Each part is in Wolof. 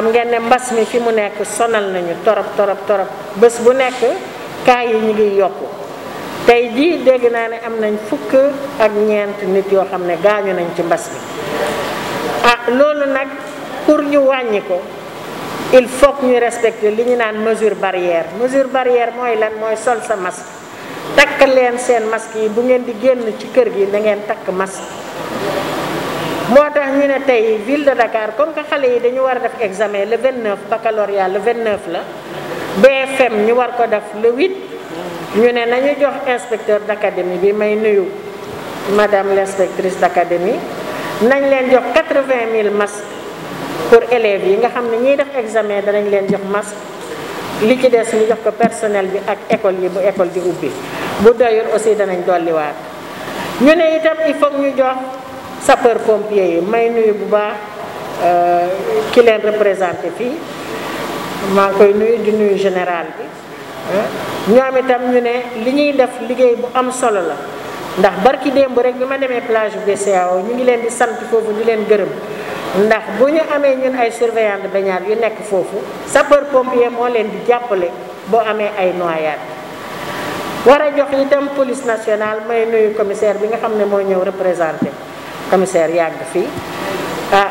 xam ngeen ne mbas mi ci mu nekk sonal nañu torop torop torop bés bu nekk cas yi ñu ngi yokku tey jii dégg naa ne am nañ fukk ak ñeent nit yoo xam ne gaañu nañ ci mbas mi ah loolu nag pour ñu wàññi ko il faut que ñu li ñu naan mesure barrière mesure barrière mooy lan mooy sol sa masque takk leen seen masque yi bu ngeen di génn ci kër gi na ngeen takk masque moo tax ñu ne tey ville de Dakar comme que xale yi dañu war a def examen le 29 baccalauréat le 29 la BFM ñu war ko def le 8 ñu ne nañu jox inspecteur d'académie bi may nuyu madame l'inspectrice d'académie nañ leen jox 80 000 masques pour élèves yi nga xam ne ñiy def examen danañ leen jox masque li ci des ñu jox ko personnel bi ak école yi bu école di ubbi bu doyul aussi danañ dolliwaat ñu ne itam il faut ñu jox. sapeur pompier yi may nuyu bu baax euh, ki leen représenté fii maa ngi koy nuyu di nuyu général bi ñoom itam ñu ne li ñuy def liggéey bu am solo la ndax barki démb rek bi ma demee plage BCEAO ñu ngi leen di sant foofu ñu leen gërëm ndax bu ñu amee ñun ay surveillant de baignade yu nekk foofu sapeur pompier moo leen di jàppale boo amee ay noyade war a jox itam police nationale may nuyu commissaire bi nga xam ne moo ñëw représenté commissaire yàgg fii ah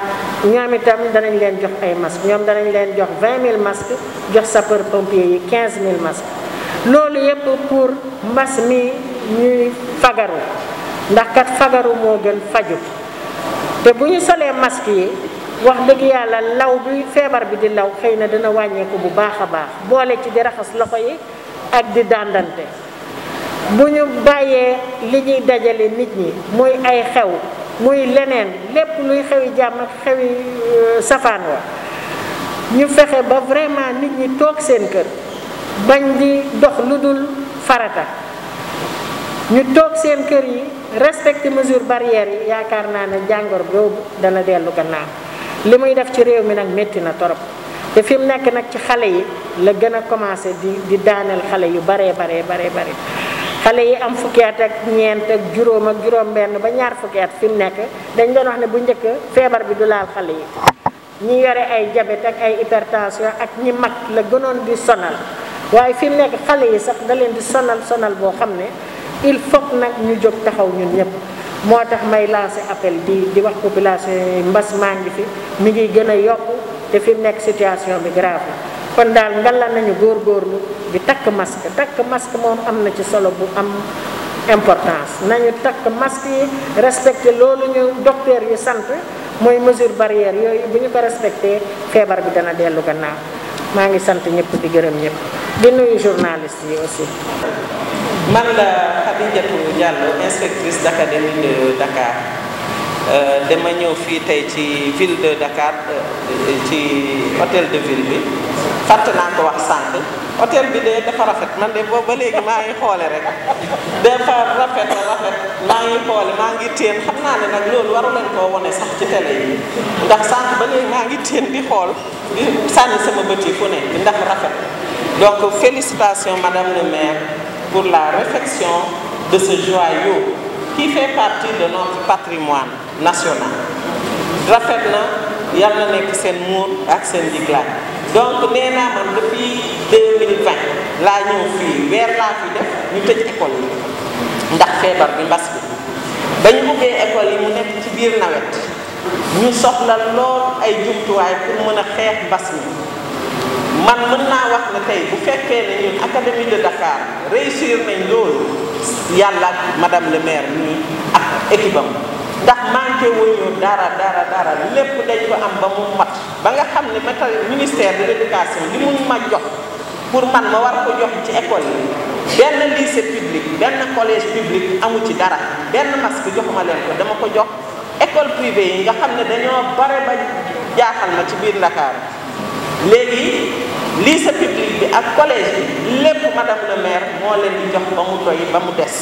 ñoom itam danañ leen jox ay masques ñoom danañ leen jox 20000 masques jox sapeur pompier yi 15000 masques loolu yépp pour mbas mi ñuy fagaru ndax kat fagaru moo gën faju te bu ñu solee masques yi wax dëgg yàlla law bi feebar bi di law xëy na dina wàññeeku bu baax a baax boole ci di raxas loxo yi ak di dàndante bu ñu bàyyee li ñuy dajale nit ñi muy ay xew muy leneen lépp luy xewi jàmm ak xewi euh, safaan wa ñu fexe ba vraiment nit ñi toog seen kër bañ di dox lu dul farata ñu toog seen kër yi respecté mesure barrière yi yaakaar naa ne jàngoro boobu dana dellu gannaaw li muy def ci réew mi nag métti na torop te fim mu nekk nag ci xale yi la gën a commencé di di daaneel xale yu baree baree baree bare xale yi am fukki at ak ñeent ak juróom ak juróom-benn ba ñaar fukki at fi mu nekk dañ doon wax ne bu njëkk feebar bi du laal xale yi ñi yore ay diabète ak ay hypertension ak ñi mag la gënoon di sonal waaye fi mu nekk xale yi sax da leen di sonal sonal boo xam ne il faut nag ñu jóg taxaw ñun ñëpp moo tax may lancé appel di di wax population yi mbas maa ngi fi mi ngi gën a yokk te fi mu nekk situation bi grave kon daal ngalla nañu góor góorgóorlu di takk masque takk masque moom am na ci solo bu am importance nañu takk masque yi respecté loolu ñu docteur yu sant mooy mesure barrière yooyu bu ñu ko respecté feebar bi dana dellu gannaaw maa ngi sant ñëpp di gërëm ñëpp di nuyu journaliste yi aussi. man la Khadijatou Diallo inspectrice d'académie de Dakar euh, dama ñëw fii tey ci ville de Dakar euh, ci hôtel de ville bi. fàtte naa ko wax sànq hôtel bi de dafa rafet man de boobu ba léegi maa ngi xoole rek dafa rafet a rafet maa ngi xoole maa ngi téen xam naa ne nag loolu waru leen koo wone sax ci télé yi ndax sànq ba léegi maa ngi téen di xool di sànni sama bët yi fu ne ndax rafet donc félicitations madame le maire pour la réfection de ce joyau qui fait partie de notre patrimoine national rafet na yàlla nekk seen muur ak seen jiglaay donc nee naa man depuis 2020 laa ñëw fii weer laa fi def ñu tëj école yi ndax feebar bi mbas bi ba ñu ubbee école yi mu nekk ci biir nawet ñu soxla lool ay jumtuwaay pour mën a xeex mbas mi man mën naa wax ne tey bu fekkee ne ñun de Dakar réussir nañ loolu yàlla ak madame le maire nii ak équipe ndax manqué wuñu dara dara dara lépp dañ ko am ba mu mat ba nga xam ne matal ministère de l'éducation li mu ma jox pour man ma war ko jox ci école yi benn lycée public benn collège public amu ci dara benn masque joxuma leen ko dama ko jox école privée yi nga xam ne dañoo bare ba jaaxal ma ci biir Ndakaaru léegi lycée public bi ak collège bi lépp madame le maire moo leen di jox ba mu doy ba mu des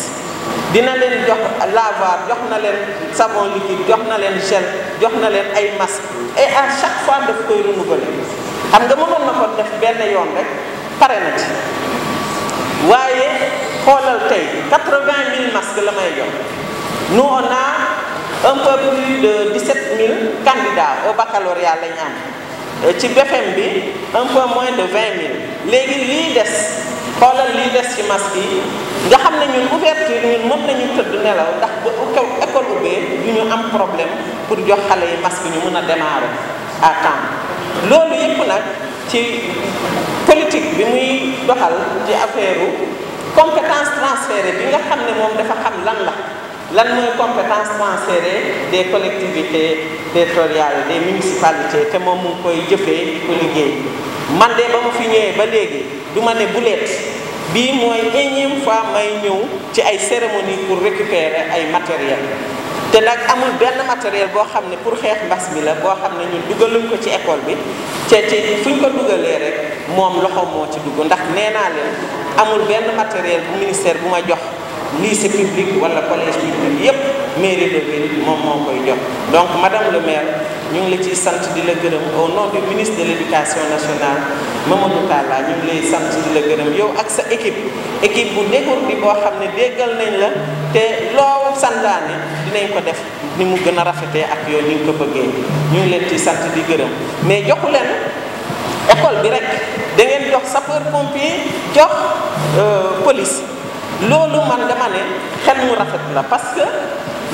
dina leen jox lavoir jox na leen savon liquide jox na leen gel jox na leen ay masque et à chaque fois daf koy renouveler xam nga mënoon na ko def benn yoon rek pare na ci waaye xoolal tey quatre-vingt mille masques la may jox nous on a un peu dix-sept mille candidats au baccalauréat lañ am euh, ci BFEM bi un peu moins de vingt mille léegi lii des xoolal lii des ci masque yi nga xam ne ñun ouverture ñun mën nañu tëdd nelaw ndax ba école ubbee du ñu am problème pour jox xale yi masque ñu mun a démarrer à temps loolu yëpp nag ci politique bi muy doxal ci affaire compétence transférée bi nga xam ne moom dafa xam lan la lan mooy compétence transférée des collectivités territoriales des municipalités te moom mu koy jëfee ko liggéey man de ba mu fi ñëwee ba léegi du ma ne bu leet bii mooy énième fois may ñëw ci ay cérémonie pour récupérer ay matériel te nag amul benn matériel boo xam ne pour xeex mbas bi la boo xam ne ñu dugaluñ ko ci école bi te te fu ñu ko dugalee rek moom loxo moo ci dugg ndax nee naa leen amul benn matériel bu ministère bu ma jox lycée public wala collège public yépp mairie de ville moom moom mooy jox donc madame le maire ñu ngi la ciy sant di la gërëm oo nom du ministre de l' éducation nationale Mamadou Talla ñu ngi lay sant di la gërëm yow ak sa équipe équipe bu dégoor bi boo xam ne déggal nañ la te loo santaane dinañ ko def ni mu gën a rafetee ak yow ni nga ko bëggee ñu ngi leen ci sant di gërëm mais joxu leen école bi rek da jox jox sapeur pompier jox police loolu man dama ne xel mu rafet la parce que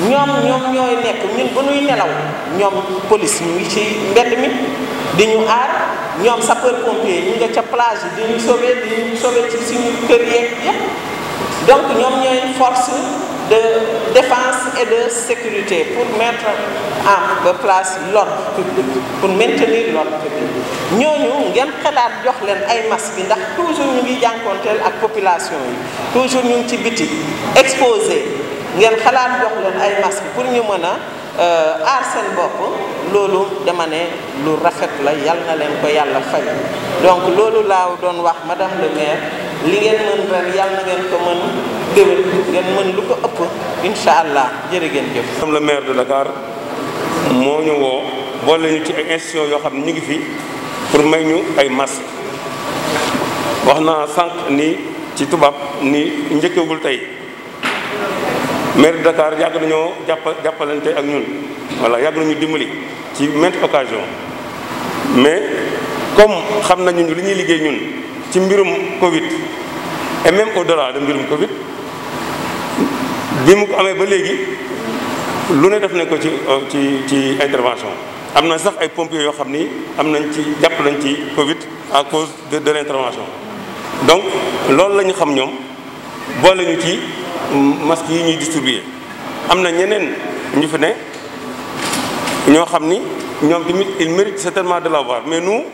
ñoom ñoom ñooy nekk ñun bu ñuy nelaw ñoom police ñu ngi ci mbedd mi di ñu aar ñoom sapeur pompier ñu nga ca plage yi di ñu sauver di ñu sauver ci suñu kër yeeg yépp donc ñoom ñooy force de défense et de sécurité pour mettre en place l'ordre public pour maintenir l'ordre public ñooñu ngeen xalaat jox leen ay masques yi ndax toujours ñu ngi jànkoonteel ak population yi toujours ñu ngi ci biti exposé ngeen xalaat jox leen ay masque pour ñu mën a euh, aar seen bopp loolu dama ne lu rafet la yal na leen ko yàlla fay donc loolu laa doon wax madame le maire li ngeen mën ren yal na ngeen ko mën déwén ngeen mën lu ko ëpp incha allah jërë ngeen jëf. madame le maire de la Dakar moo ñu boole ñu ci ay institutions yoo xam ne ñu ngi fi pour may ñu ay masque wax naa sànq ni ci tubaab ni njëkkewul tey. maire de Dakar yàgg nañoo jàppal jàppalante ak ñun voilà yàgg nañu dimbali ci maintes occasion mais comme xam nañu li ñuy liggéey ñun ci mbirum Covid et même au-delà de mbirum Covid bi mu ko amee ba léegi lu ne def nañ ci euh, ci ci intervention am na sax ay pompiers yoo xam ni am nañ ci jàpp nañ ci Covid à cause de de l'intervention donc loolu lañu xam ñoom boole ñu ci. masque yi ñuy distribuer am na ñeneen ñu fi ne ñoo xam ni ñoom tamit il mérite certainement de la l'avoir mais nous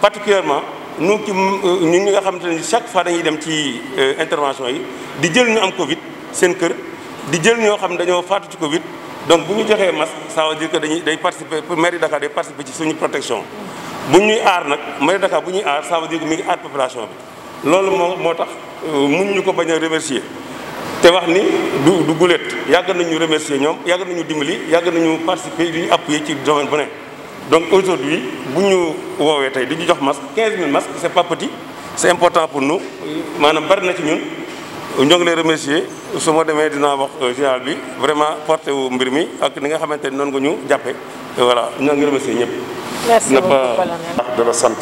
particulièrement nous ci euh, ñu ñi nga xamante ni chaque fois dañuy dem ci euh, intervention yi di jël ñu am Covid seen kër di jël ñoo xam ne dañoo faatu ci Covid donc bu ñu joxee masque ça veut dire que dañuy day participer mairie Dakar day participer ci suñu protection bu ñuy aar nag mairie Dakar bu ñuy aar ça veut dire mi ngi aar population bi loolu moo moo tax euh, mënuñu ko bañ a remercier te wax ni du du guléet yàgg nañu remercier ñoom yàgg nañu dimbali yàgg nañu participer di ñu appuyer ci domaine bu ne donc aujourd'hui bu ñu woowee tey di ñu jox masque 15000 masques c'est pas c'est important pour nu maanaam bari na ci ñun ñoo ngi lay remercier su ma demee dinaa wax euh, général bi vraiment porté wu mbir mi ak ni nga xamante ni noonu nga ñu jàppe voilà ñoo ngi remercier ñëpp. merci beaucoup Palamène. de la sant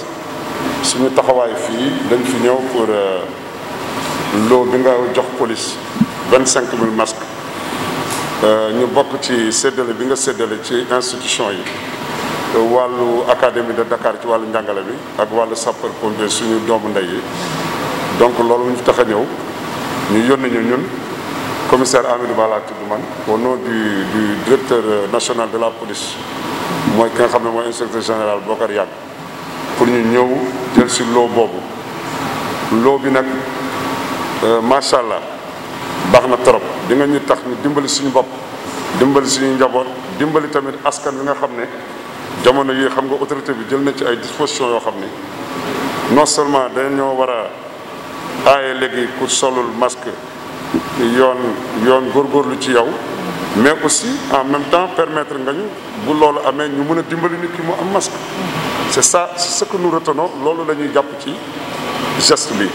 suñu taxawaay fii dañ fi ñëw pour euh, loo bi nga jox police. 25 000 masques euh, ñu bokk ci séddale bi nga séddale ci institution yi wàllu académie de Dakar ci wàllu njàngale bi ak wàllu sapeur pompier suñu doomu ndey yi donc loolu ñu tax a ñëw ñu yónni ñu ñun commissaire Amadou Ba laa man au nom du directeur national de la police mooy ki nga xam ne mooy inspecteur général Bokar Yàgg pour ñu ñëw jël si loo boobu loo bi nag euh, macha allah. baax na trop di nga ñu tax ñu dimbali suñu bopp dimbali suñu njaboot dimbali tamit askan wi nga xam ne jamono yi xam nga autorité bi jël na ci ay disposition yoo xam ni non seulement dañoo war a aaye léegi ku solul masque yoon yoon góorlu ci yow mais aussi en même temps permettre nga ñu bu loolu amee ñu mën a dimbali nit ki mu am masque c'est ça c'est ce que nous retenons loolu la ñuy jàpp ci geste bi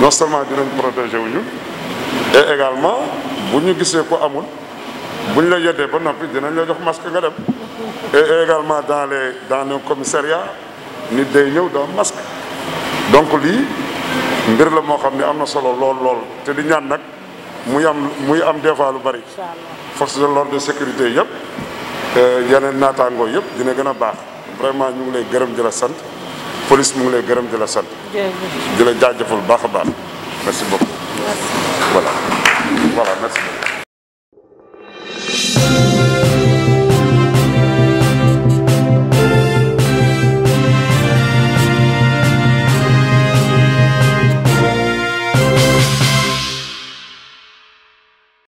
non seulement dinañ protéger wu ñu et bu ñu gisee ko amul bu ñu la yeddee ba noppi dinañ la jox masque nga dem et également dans les dans nos commissariats nit day ñëw doo masque donc lii mbir la moo xam ne am na solo lool lool te di ñaan nag muy am muy am des fois lu bari force de l'ordre de sécurité yëpp euh, yeneen naataangoo yëpp dina gën a baax vraiment ñu ngi lay gërëm di la sant police mu ngi lay gërëm di la sant di la jaajëfal baax a baax Merci beaucoup. Merci. Voilà. Voilà, merci beaucoup.